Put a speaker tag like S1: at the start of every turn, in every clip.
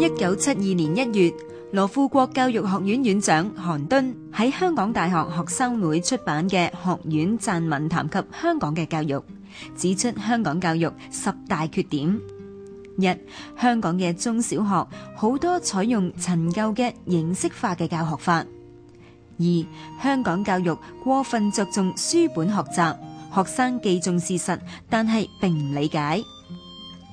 S1: 1972年1月，羅富國教育學院院長韓敦，喺香港大學學生會出版嘅學院撰文談及香港嘅教育，指出香港教育十大缺點。1. 香港嘅中小學，好多採用陳舊嘅形式化嘅教學法。2. 香港教育過分着重書本學習，學生記重事實，但係並唔理解。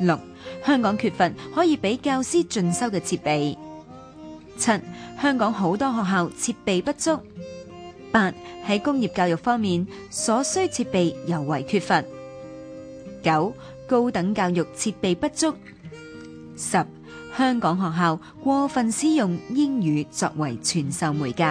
S1: 六、香港缺乏可以俾教師進修嘅設備。七、香港好多學校設備不足。八、喺工業教育方面，所需設備尤為缺乏。九、高等教育設備不足。十、香港學校過分使用英語作為傳授媒介。